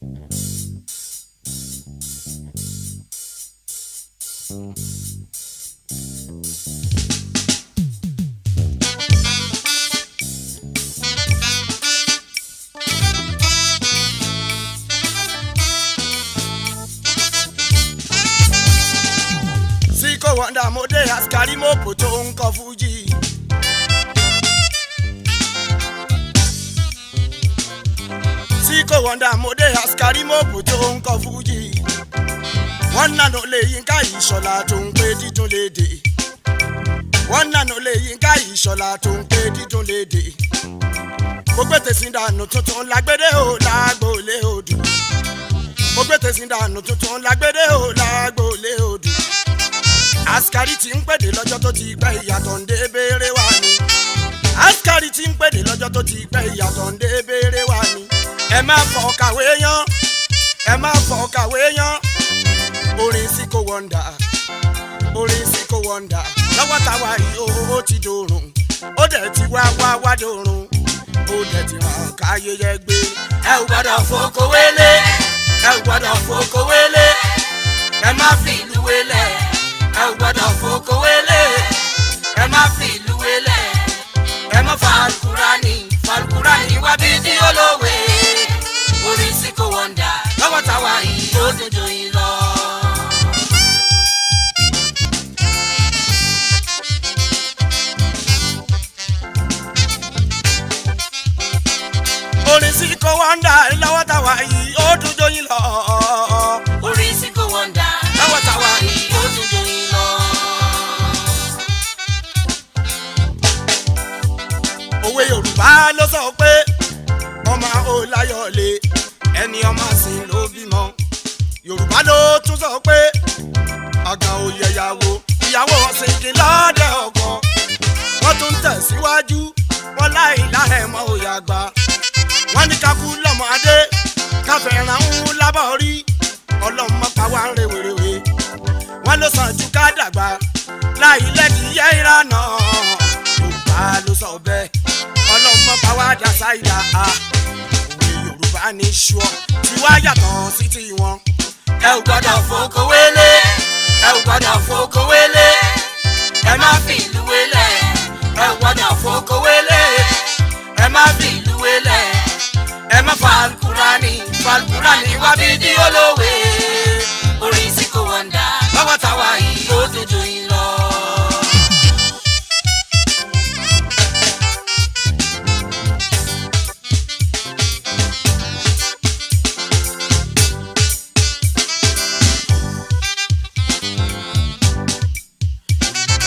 Si ko wanda mo dey kari mo poto nko Fuji. sí kò wọ́ndà mo dé askari mọ́ọ̀bù tó ń kọ fújì wọ́n nànà olè yínká ìṣọ̀lá tó ń pé dídùn léde wọ́n nànà olè yínká ìṣọ̀lá tó ń pé dídùn léde mo gbé tèsí dànù tuntun lágbédé o lágbóolé odò mo gbé tèsí dànù tuntun lágbédé o lágbóolé odò askari ti ń pèdè lọ́jọ́ tó ti gbẹ́ ìyàtọ̀ ń dé béèrè wá ni askari ti ń pèdè lọ́jọ́ tó ti gbẹ́ ìyàtọ̀ ń ẹ má fọ kàwé yán ẹ má fọ kàwé yán orin sí kò wọ́ndà orin sí kò wọ́ndà lọ́wọ́ táwa yìí ó ti dòrùn ó dẹ̀ ti wá wá wá dòrùn ó dẹ̀ ti hàn káyé yẹ gbé. ẹ ò gbọ́dọ̀ fokowélé ẹ ò gbọ́dọ̀ fokowélé ẹ má fi ìlú wélẹ̀ ẹ ò gbọ́dọ̀ fokowélé ẹ má fi ìlú wélẹ̀ ẹ má fa alukurani fa alukurani wá bí ní olówó. táwa táwa o ó tún jóyin lọ. Orísun kò wọ́n dá táwa táwa yìí ó tún jóyin lọ. òwe Yorùbá ló sọ pé ọmọ Oláyọ̀lé ẹni ọmọ sì ló bímọ Yorùbá ló tún sọ pé àgbà òye ìyàwó ìyàwó ọ̀sìnkì lọ́dẹ̀ ọkọ wọ́n tún tẹ̀síwájú wọ́n láì láhẹ̀ mọ́ wọ́n ní kakú lọ ọmọdé káfẹ́ ràn ń lábọ̀ rí ọlọ́mọ pàwá rèwerèwe wọ́n ló sàn ju ká dàgbà láì lẹ́dìyẹ ìlànà yorùbá ló sọ bẹ́ẹ̀ ọlọ́mọ pàwá dàsá ìlà a òwe yorùbá ní ṣùọ́ tiwa yàtọ̀ sí tiwọn. ẹ ò gbọ́dọ̀ fokowélé ẹ ò gbọ́dọ̀ fokowélé ẹ má fi ìlú wélẹ̀ ẹ ò gbọ́dọ̀ fokowélé ẹ má fi ìlú wélẹ̀ ẹ má fa alukurani fa alukurani wá bí di olówe orin sí kò wọ́n dá lọ́wọ́ táwa yìí ó dojú yìí lọ.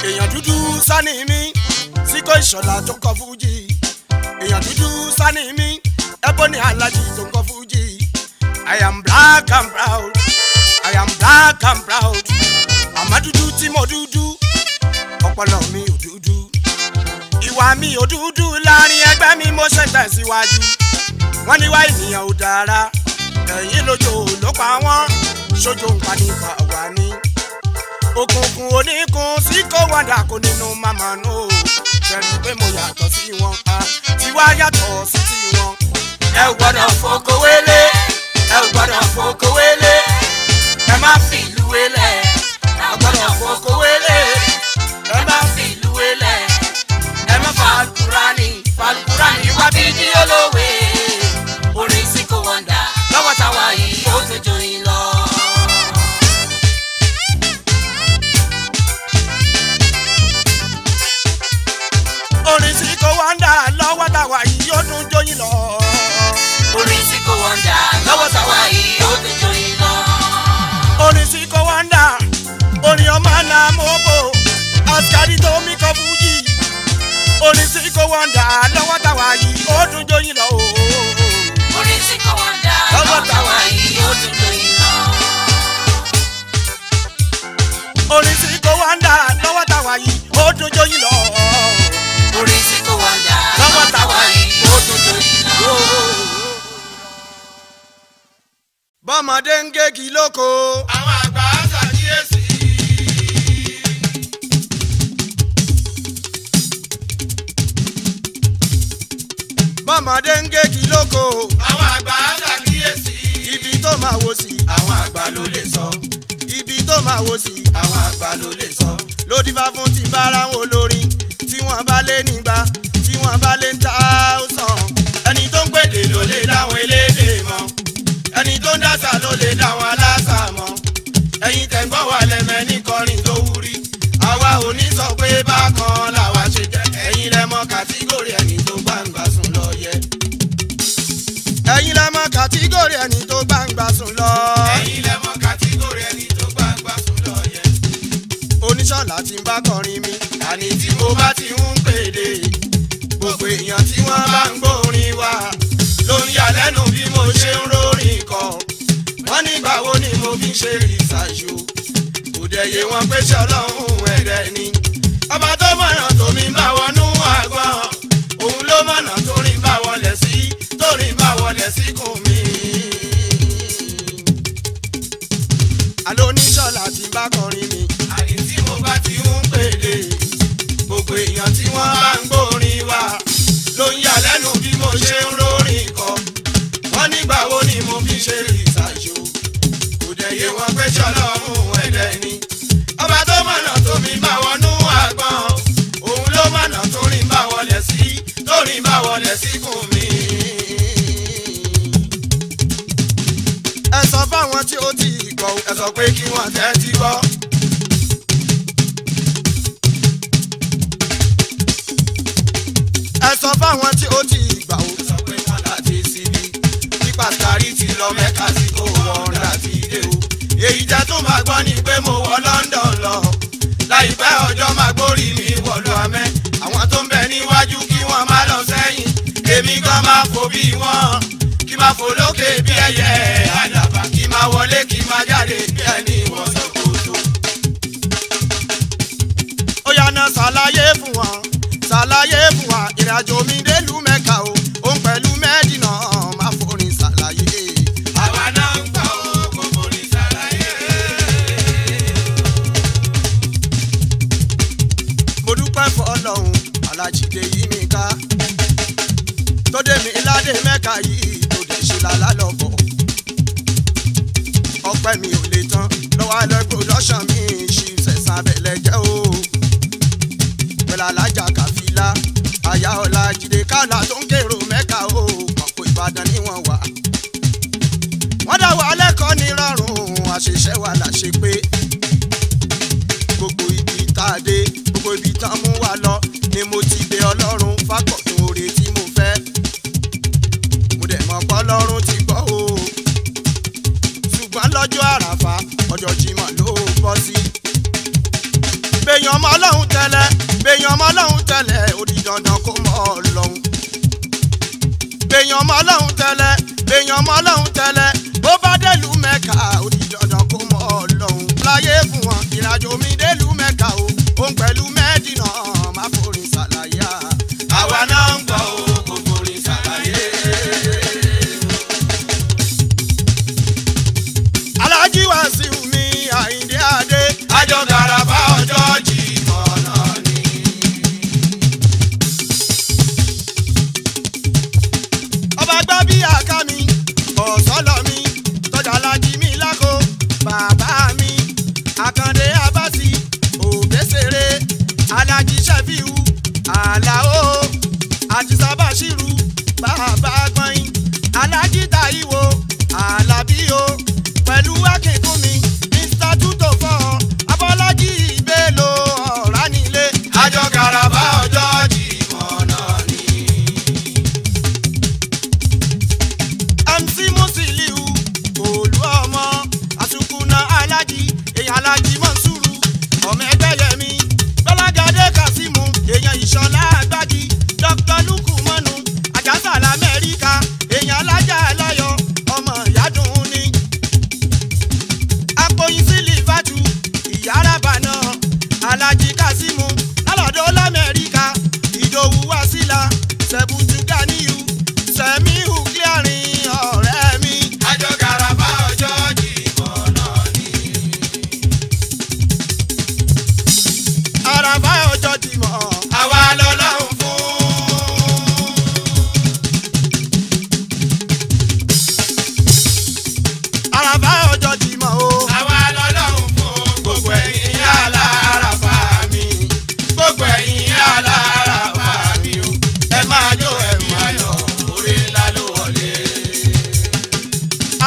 èèyàn dúdú sani mi síkò ìṣọ̀lá tó kọ fújì èèyàn dúdú sani mi. Agoni Alaji Zongo Fuji. I am black and proud. I am black and proud. Amadudu tí mo dúdú. Ọpọlọ mi ò dúdú. Ìwà mi ò dúdú láàrin ẹgbẹ́ mi mo ṣe tẹ̀síwájú. Wọ́n ní wá ènìyàn ò dára. Ẹ̀yìn lójó ló pa wọ́n. Ṣojo ń pa nípa wà ní. Òkùnkùn oníkun sí kó wàdà kó nínú màmá náà. Bẹ̀rù pé mo yàtọ̀ sí wọn. Ah, tiwa yàtọ̀ sí tiwọn ẹ ò gbọ́dọ̀ fokowélé ẹ ò gbọ́dọ̀ fokowélé ẹ má fi ìlú wélẹ̀. fífá fún ti bára wọn olórin tí wọ́n bá lé nígbà tí wọ́n bá lé ń ta ṣe ń rórí kan wọ́n ní báwo ni mo fi ṣe rìsàjò kò dẹ̀ yé wọn pé ṣọlọ́run pẹ́ṣọ́ lọ́rùn ẹ̀dẹ̀ ni ọba tó mọ̀nà tó mi bá fáwọn tí ó ti kọ ẹ sọ pé kí wọ́n tẹ́tí gbọ́. ẹ fáwọn tí ó ti gbà ó sọ pé wọ́n láti sinmi nípa kárí ti lọ mẹ́ka sí tẹ́ tún máa gbọ́ ni pé mo wọ London lọ láìpẹ́ ọjọ́ máa gbórí mi wọ̀lú amẹ́ àwọn tó ń bẹ níwájú kí wọ́n má lọ sẹ́yìn èmi gan máa fò bí wọ́n kí máa fò lókè bí ẹyẹ àdàbà kí máa wọlé kí máa jáde bí ẹni wọ́n sọ kóso. ó yànnà ṣàlàyé fún wa ṣàlàyé fún wa ìrìnàjò mi dé. pẹ́ mi ò lè tán lọ́wọ́ lọ́gbò lọ́sàn mi ṣì sẹ̀sán abẹ́lẹ̀ jẹ́ o. pẹ̀lú alájà kàfílà àyà ọ̀la jìde kálá tó ń kérò mẹ́ka o ọ̀pọ̀ ìbàdàn ni wọ́n wà. wọ́n dá wa lẹ́kọ̀ọ́ ní rọrùn àṣìṣe wa là ṣe pé.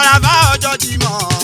Àràbà ọjọ́ Jímọ̀.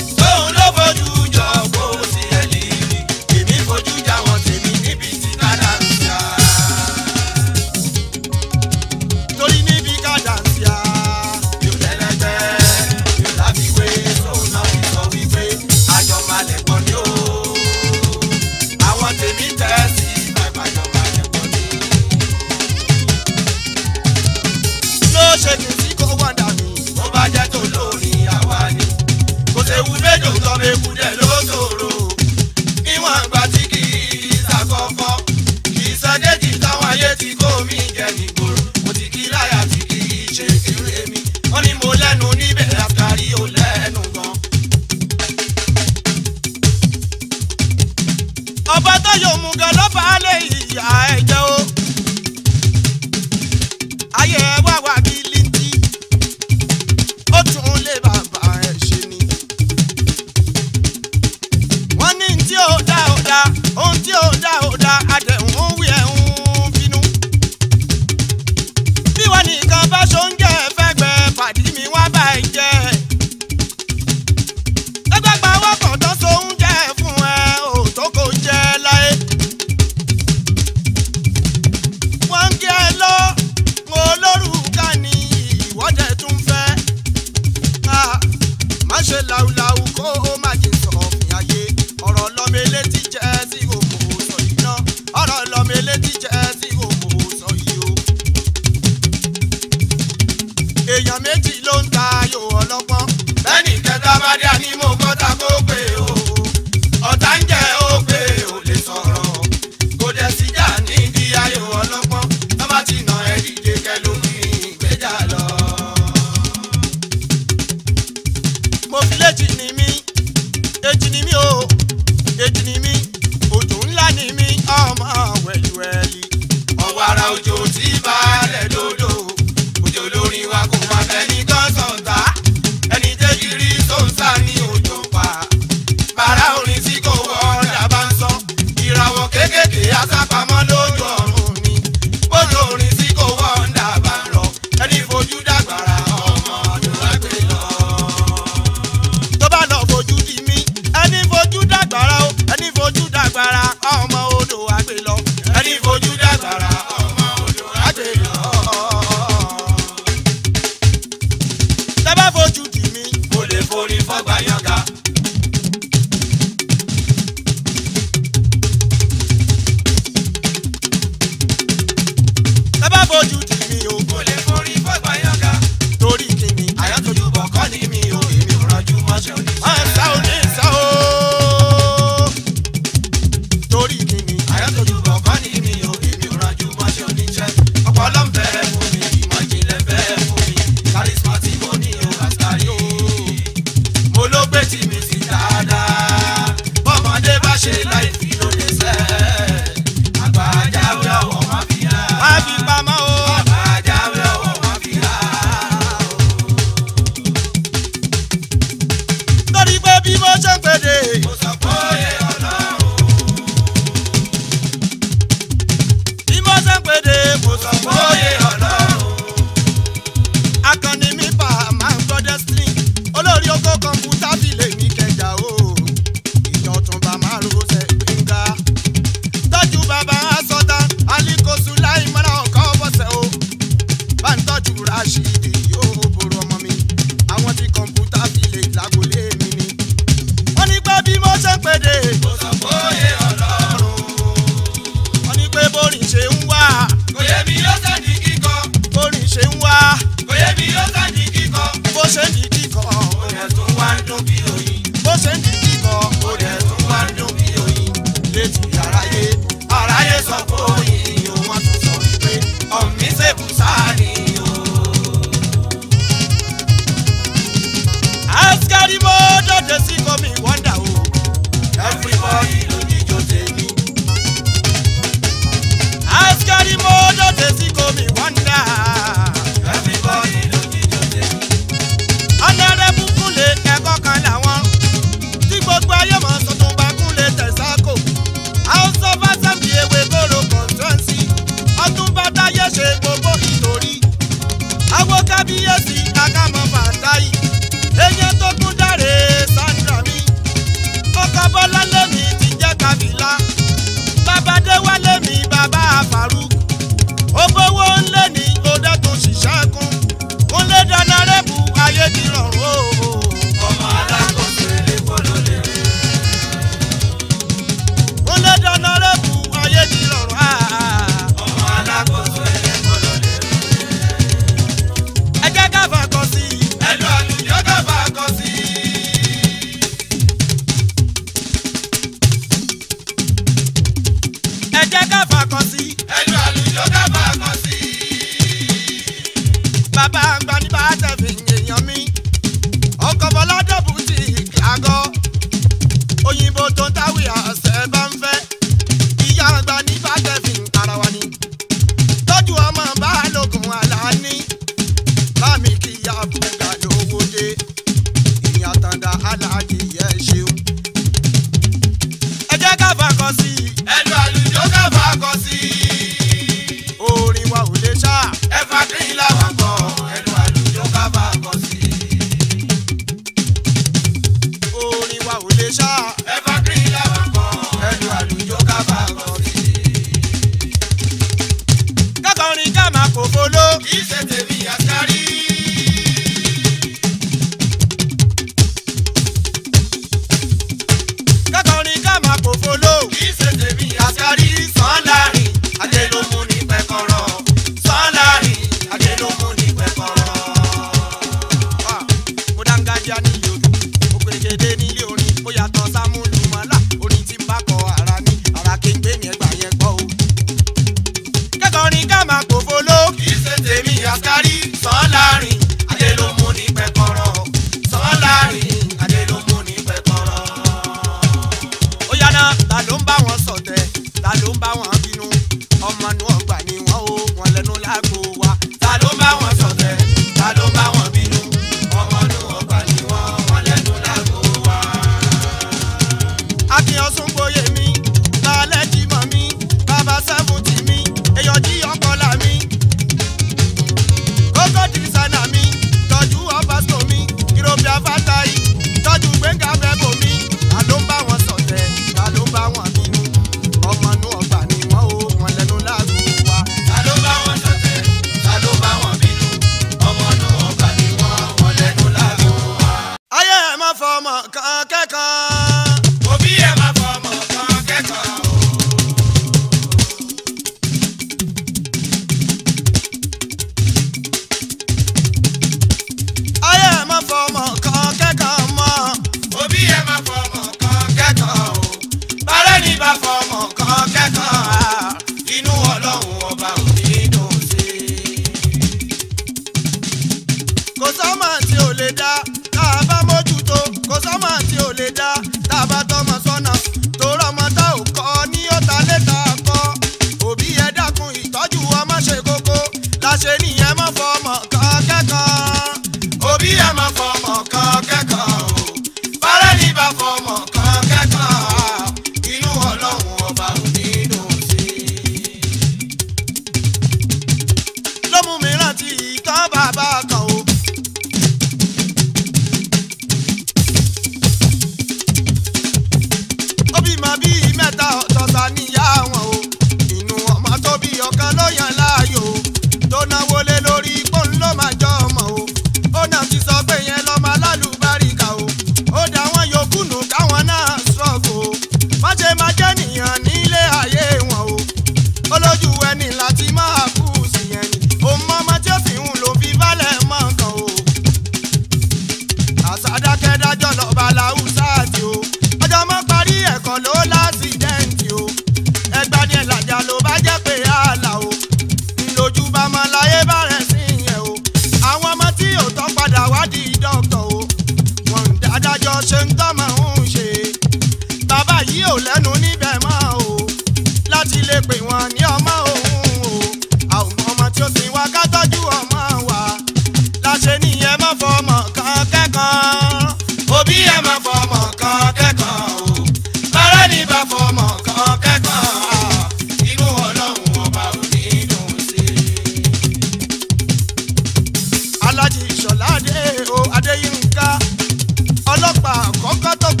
ọkọ tó kọ.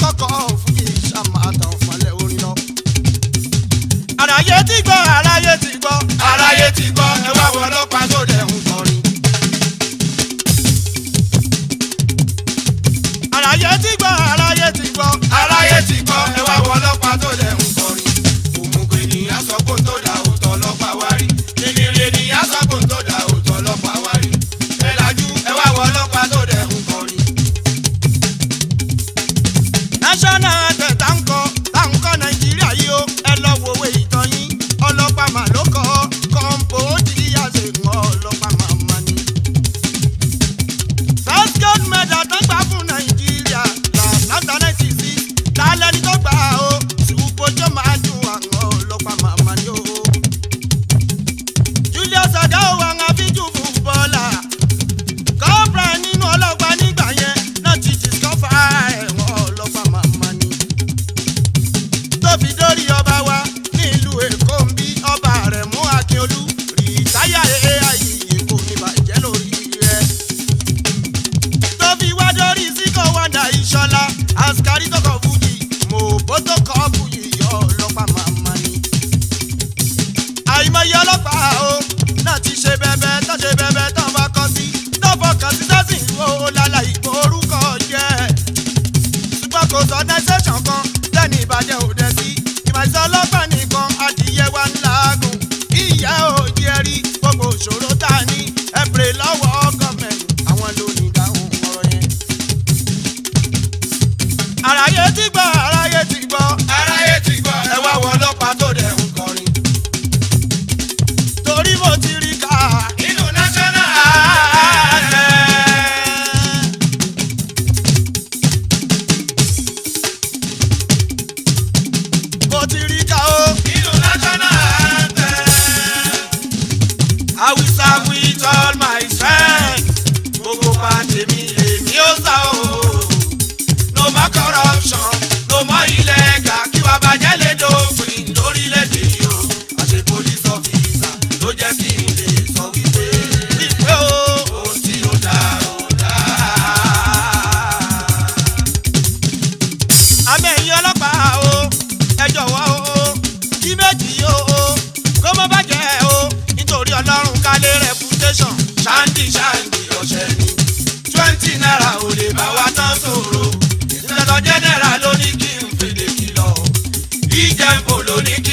protocol. twenty ṣáàlì ọ̀sẹ̀ ni twenty naira ò lè bá wa tán sọ̀rọ̀ ìtọ́jọ́ jẹ́nẹ́ra ló ní kí n fèdè kìlọ̀ ìjẹun kò ló ní kí.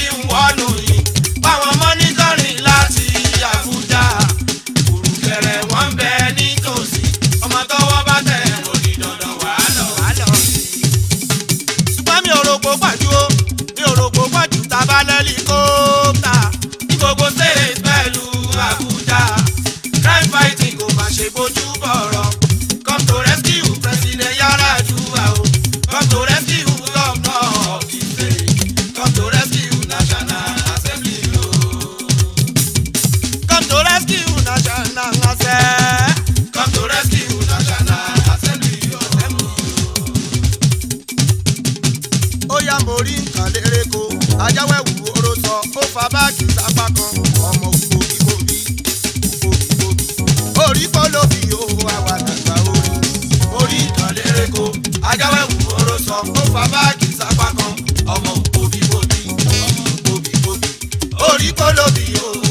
love you. Oh.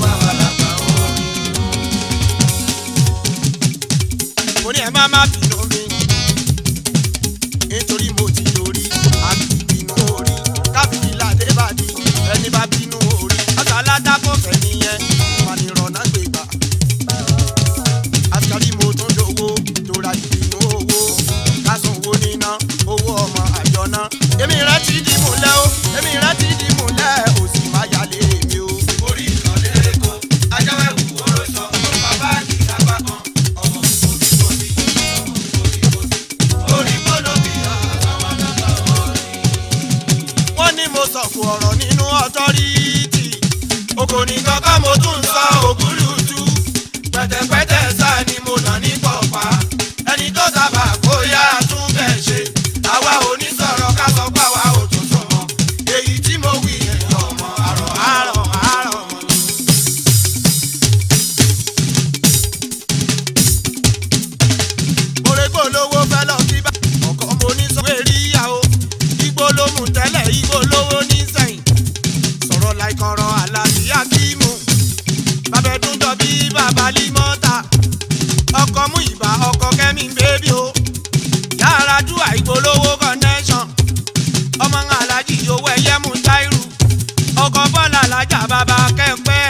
bàbá kẹ́ńpẹ́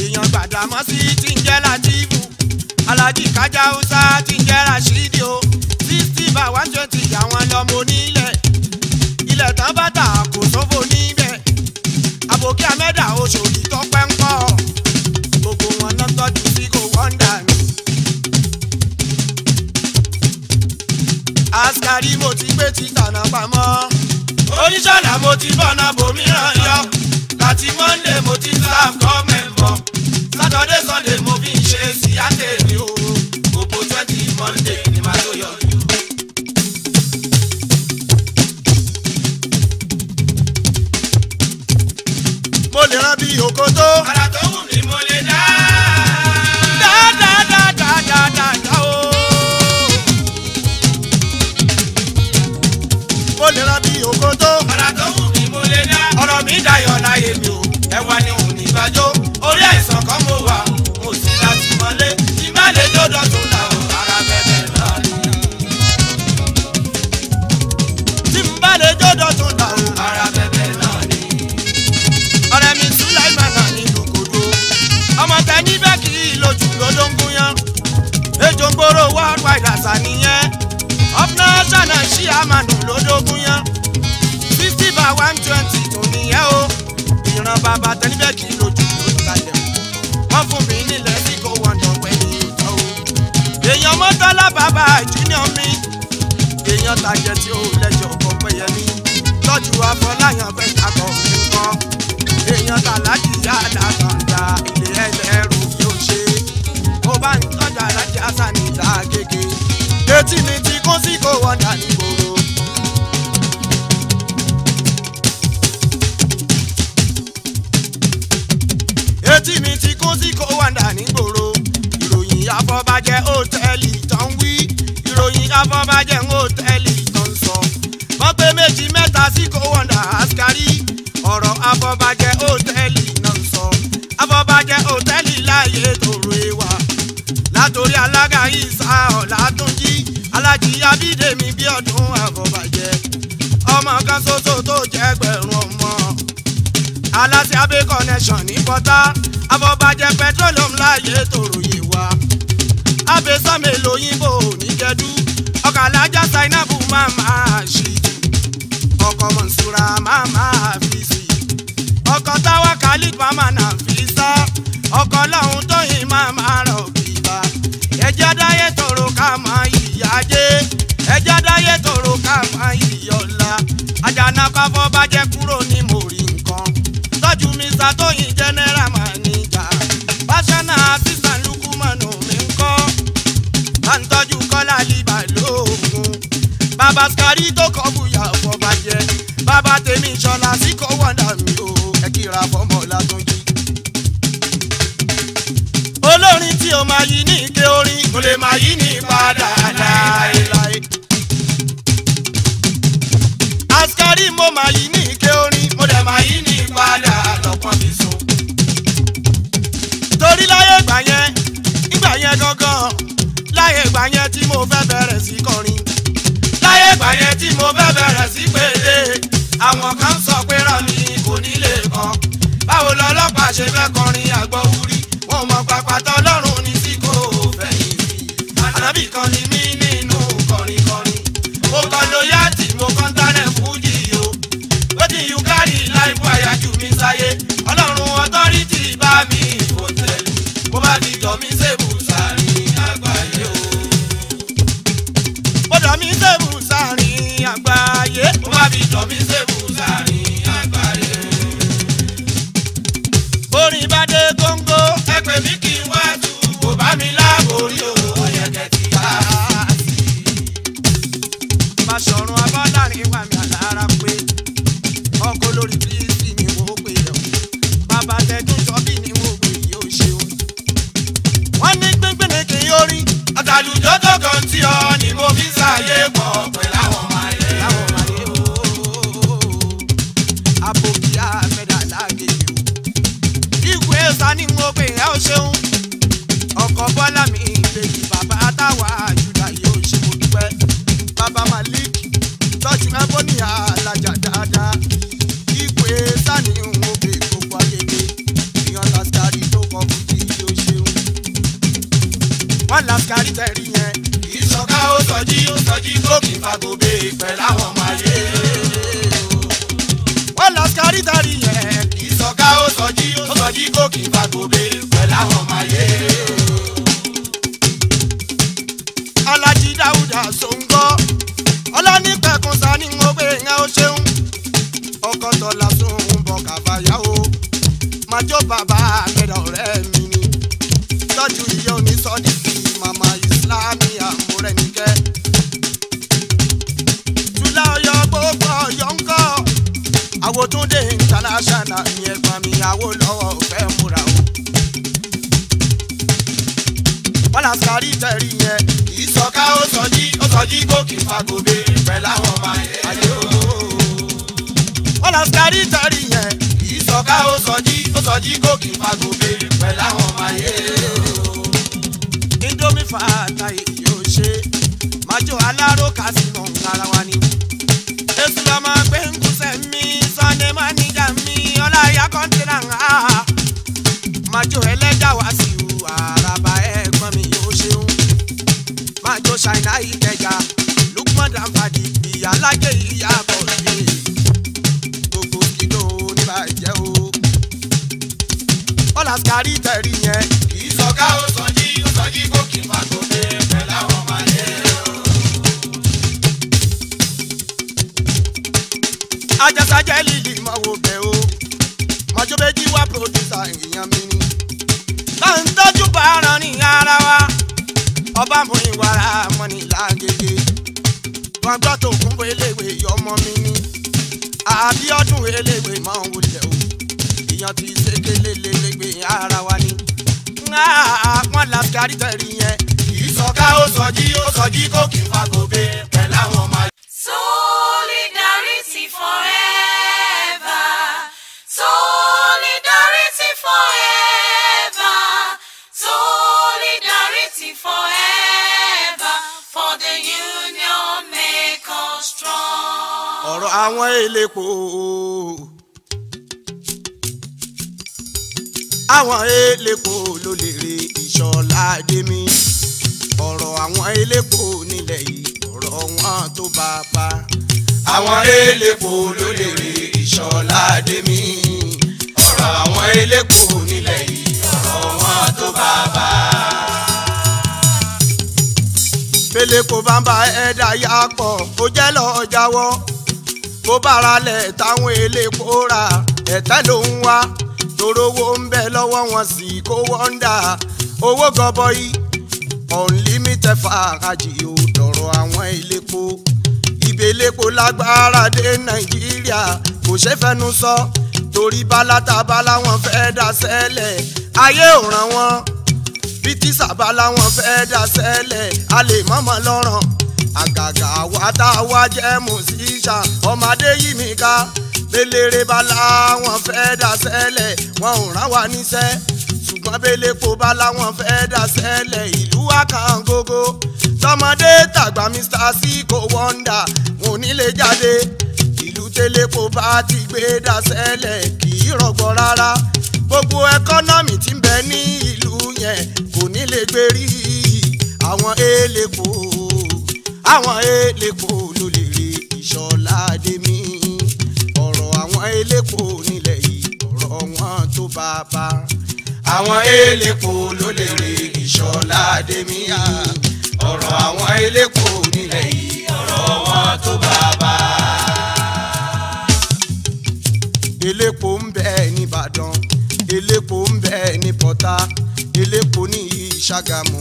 èèyàn Gbàdámọ́sí tí ń jẹ́ Látìfù alájí kájà ó sá. àṣà nìyẹn ọ̀pná ṣànà ṣí àmàdùn lódógún yẹn sixty by one twenty tó nìyẹn o ìran bàbá tẹ́lifẹ̀kì lójú lójú kalẹ̀ wọ́n fún mi nílẹ̀ sí kò wọ́n dán pẹ̀lú ìtọ́ o èèyàn mọ́tọ́lá bàbá junior mi èèyàn tàjẹ́ tí ó lẹ́jọ́ kan péye mi lọ́jú afọláyàn fẹ́ takọ̀ mi kọ́ èèyàn tàlájì yá àdàkàndà ilé ẹlẹ́rù yóò ṣe ó bá ń tọ́jà lájà sani dáàgì etí mi ti kún sí kò wọ́dà nígboro. etí mi ti kún sí kò wọ́dà nígboro. ìròyìn afọbajẹ hòtẹ́ẹ̀lì tó ń wí ìròyìn afọbajẹ hòtẹ́ẹ̀lì tó ń sọ. wọ́n pé méjì mẹ́ta sí kò wọ́dà àṣkárí ọ̀rọ̀ afọbajẹ hòtẹ́ẹ̀lì náà ń sọ. afọbajẹ hòtẹ́ẹ̀lì láàyè tòrò ìwà látòrí alága yìí sá ọ̀ látúnjí ìyá bídèmí bí ọdún àfọ̀bàjẹ́ ọmọ kan ṣoṣo tó jẹ́ pẹ̀rún ọmọ aláṣẹ abẹ́ connection ní pọ́tà àfọ̀bàjẹ́ petroleum láàyè tòrò yìí wá abẹ́ sọ́mi lóyìnbó onígẹ̀dú ọ̀kàlájà sainabu máa máa ṣì ọkọ̀ mọ̀nsúra máa máa fi sí ọkọ̀ táwa khalid máa náà fi sá ọkọ̀ lọ́hún tóyìn máa máa rọ̀ bíbá ẹjẹ́ dáyé tòrò ká máa yẹ ajé ẹjọ́ dáyé tòrò ká máa yìí ọ̀la àjànà káfọ́ bàjẹ́ kúrò ní mórí nǹkan tọ́jú Mr. Tóyìn general manager pásánà assistant lukumanu mi ń kọ́ à ń tọ́jú kọ́lá libà lóògùn bàbá skari tó kọ́ bùyà ọ̀fọ̀ bàjẹ́ bàbá tèmi ìṣọ̀lá sí kò wọ́ndà mi o ẹ kíra fọmọ Ọlátúnjí olórin tí o máa yí ní ike kò ma máa yí ní padà láéláé. askari mo ma yí ní ike orin mo dẹ̀ máa yí ní padà lọ́pọ̀n mi so. torí láyé ìgbà yẹn ìgbà yẹn gangan láyé ìgbà yẹn tí mo fẹ́ bẹ̀rẹ̀ sí kọrin láyé ìgbà yẹn tí mo fẹ́ bẹ̀rẹ̀ sí pèlè àwọn kan sọ pé rán mi kò ní lè báwo lọ́lọ́pàá ṣe fẹ́ kọrin àgbọ̀wúrí wọn mọ pàpàtọ́ lọ́rùn. yé. ó má fi jọ mí sébù sàárín àgbáyé. orin bá dé góńgó. ẹ pè mí kí n wá tu kò mi láàbò rí o. wá sí u àràbà ẹ̀gbọ́n mi ò ṣeun máa jó ṣàìná ìkẹjà Lukman Danfodi ìyá alájẹ ìyá bọ̀ mi gbogbo kìlọ̀ oníbàjẹ́ o. bọ́lá sikari tẹ̀rí yẹn. ìsọ̀ká ó sọ jí ó sọ jí kó kí n bá tó dé pẹ̀lú àwọn ọmọ yẹn. ajásajẹ́ lílì mọ́wó bẹ́ẹ̀ o mọ́jọ́ méjì wá pòdùsà èèyàn mi ni ọ̀ràn ní ara wa ọba mú ìwàrà mọ́ni lágége wọn gbọ́ tó kún eléwé ọmọ mi ni àbíọ́dún eléwé máa ń wulẹ̀ o èèyàn ti ṣèké lélẹ́gbẹ̀ ara wa ni wọn là tẹ̀rí yẹn. kì í sọ ó sọ ó sọ kó kí n fa gòbe pẹ̀lú àwọn Solidarity forever. ọ̀rọ̀ àwọn elépo. àwọn elépo ló lè re ìṣọ̀lá démi ọ̀rọ̀ àwọn elépo nílẹ̀ yìí ọ̀rọ̀ wọn tó bá pa. àwọn elépo ló lè re ìṣọ̀lá démi ọ̀rọ̀ àwọn elépo nílẹ̀ yìí ọ̀rọ̀ wọn tó bá pa. pélé bá ń ba ẹ̀dá yá pọ̀ ó jẹ́ lọ́ọ́ jáwọ́ bó bára lẹ̀ táwọn elépo rà ẹ̀tẹ́ ló ń wá torówó ń bẹ lọ́wọ́ wọn sì kó wọ́ndà owó gọbọi unlimited fàájì ò dọ̀rọ̀ àwọn elépo ìbélépo lágbára dé nàìjíríà kò ṣe fẹnu sọ torí bálátà bálá wọn fẹ́ dá sẹ́lẹ̀ ayé ò ràn wọ́n bítísà bálá wọn fẹ́ dá sẹ́lẹ̀ a lè mọ̀mọ́ lọ́rùn àgàgà wa ta a wá jẹ́ musician ọmọdé yìí mi ká belere bala wọn fẹ́ dá sẹ́lẹ̀ wọn ò rán wa níṣẹ́ ṣùgbọ́n belepo bala wọn fẹ́ dá sẹ́lẹ̀ ìlú àkàngogo tọmọdé tàgbà Mr. Siko Wonder wọn ò ní lè jáde ìlú telepo bá ti gbé dá sẹ́lẹ̀ kì í rọgbọ rárá gbogbo ẹkọ́nọ́mì tí bẹ ní ìlú yẹn kò ní lè gbérí àwọn elépo àwọn elépo ló lè rí ìṣọ̀lá adémi ọ̀rọ̀ àwọn elépo nílẹ̀ yìí ọ̀rọ̀ wọn tó bàbá. àwọn elépo ló lè rí ìṣọ̀lá adémi ọ̀rọ̀ àwọn elépo nílẹ̀ yìí ọ̀rọ̀ wọn tó bàbá. elépo ń bẹ nìbàdàn elépo ń bẹ ní pọ́tà elépo ní ìṣàgámù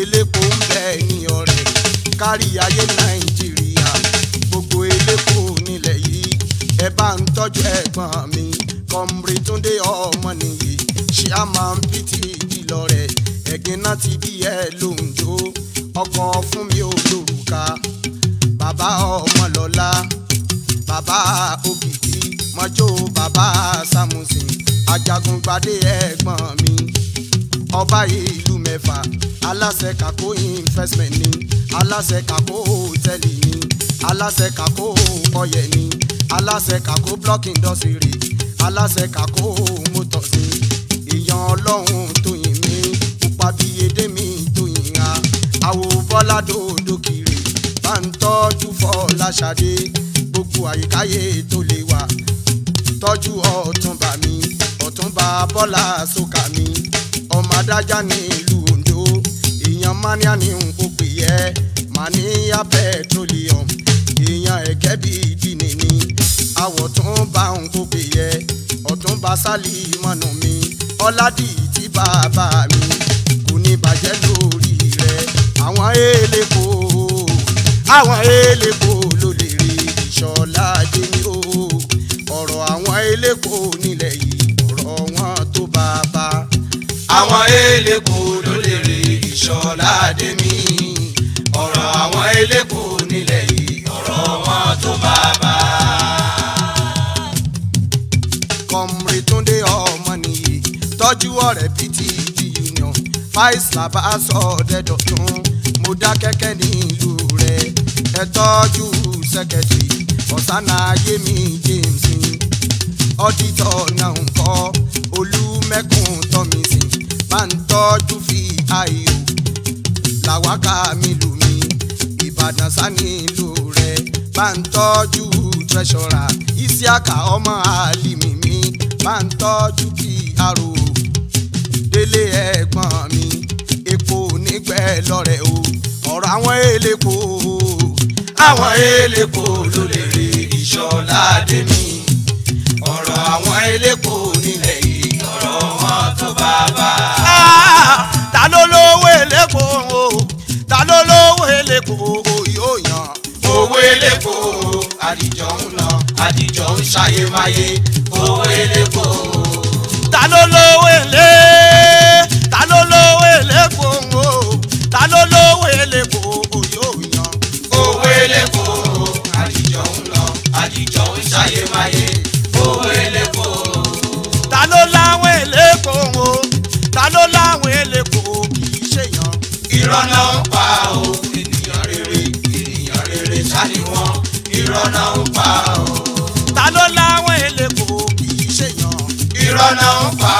elépo ń bẹ ní kárí ayé nàìjíríà gbogbo eléko nílẹ̀ yìí ẹ bá ń tọ́jú ẹ̀gbọ́n mi kọ́mbrì túndé ọmọ nìyí ṣé a máa ń pìtì ìlọ rẹ̀ ẹ̀gbin náà ti bí ẹ lóńjó ọkọ̀ fún mi ò lórúkà bàbá ọmọ lọ́la bàbá òkìkí mọ́jọ́ bàbá samusin ajagun gbadé ẹ̀gbọ́n mi ọba ìlú mẹ́fà aláṣẹ Kakó investment ni aláṣẹ Kakó hòtẹ́ẹ̀lì ni aláṣẹ Kakó ọyẹ ni aláṣẹ Kakó block industry aláṣẹ Kakó motors ni èèyàn ọlọ́run tó yìn mí pupa bíi edé mi tó yìn ha àwò bọ́lá dòdò kiri bá ń tọ́jú Fọláṣadé gbogbo àyíkáyé tó lè wà tọ́jú ọ̀túnba mi ọ̀túnba bọ́lá sókà mi ọmọ adájá ní ìlú Ondo èèyàn mania ní òpè yẹ mania petroleum èèyàn ẹ̀kẹ́ bí ìdílé ní àwọ̀ tó ń bá ń yẹ ọ̀tún bá sálì mọ́nà mi ọ̀làdì tí bàbá mi kò ní bàjẹ́ lórí rẹ̀ àwọn èèlè kò àwọn èèlè kò lólè rí ìṣọ̀lá dé ní o ọ̀rọ̀ àwọn èèlè kò nílẹ̀ yìí ọ̀rọ̀ wọn tó bàbá àwọn eléko ló lè rè ìṣọ̀lá dèmí ọ̀rọ̀ àwọn eléko nílẹ̀ yìí ọ̀rọ̀ wọn tó bá bá. kọ́mùrì túndé ọmọ nìyí tọ́jú ọ̀rẹ́ ptg union fáìs làbá sọ ọ̀dẹ́ dọ̀tún mo dá kẹ́kẹ́ nílùú rẹ̀ ẹ tọ́jú sẹ́kẹ̀tì ọ̀sánà mi james ọdítọ̀ náà ń kọ́ olúmẹ́kùn tọ́mísì máa ń tọ́jú fi ayò làwákà mi lù mí ìbàdàn sánìlú rẹ̀ máa ń tọ́jú tẹ̀sọ̀ra ìsíàkà ọmọ àlìmí mi máa ń tọ́jú kí arò délé ẹ̀gbọ́n mi epo nígbẹ́ lọ́rẹ̀ o ọ̀rọ̀ àwọn elépo àwọn elépo ló lè rí ìṣọ̀lá mi ọ̀rọ̀ àwọn elépo nílẹ̀ yìí tó bàbá. Ah, ta ló lówó elépo o ta ló lówó elépo o yóò yan. owó elépo àdìjọ ń lọ àdìjọ ń ṣàyèmáyé owó elépo. ta ló lówó elé ta ló lówó irọ́ náà ń pa o ènìyàn rere ènìyàn rere ṣáni wọn irọ́ náà ń pa o. ta ló láwọn èlé kì í ṣèyàn. irọ́ ń pa o.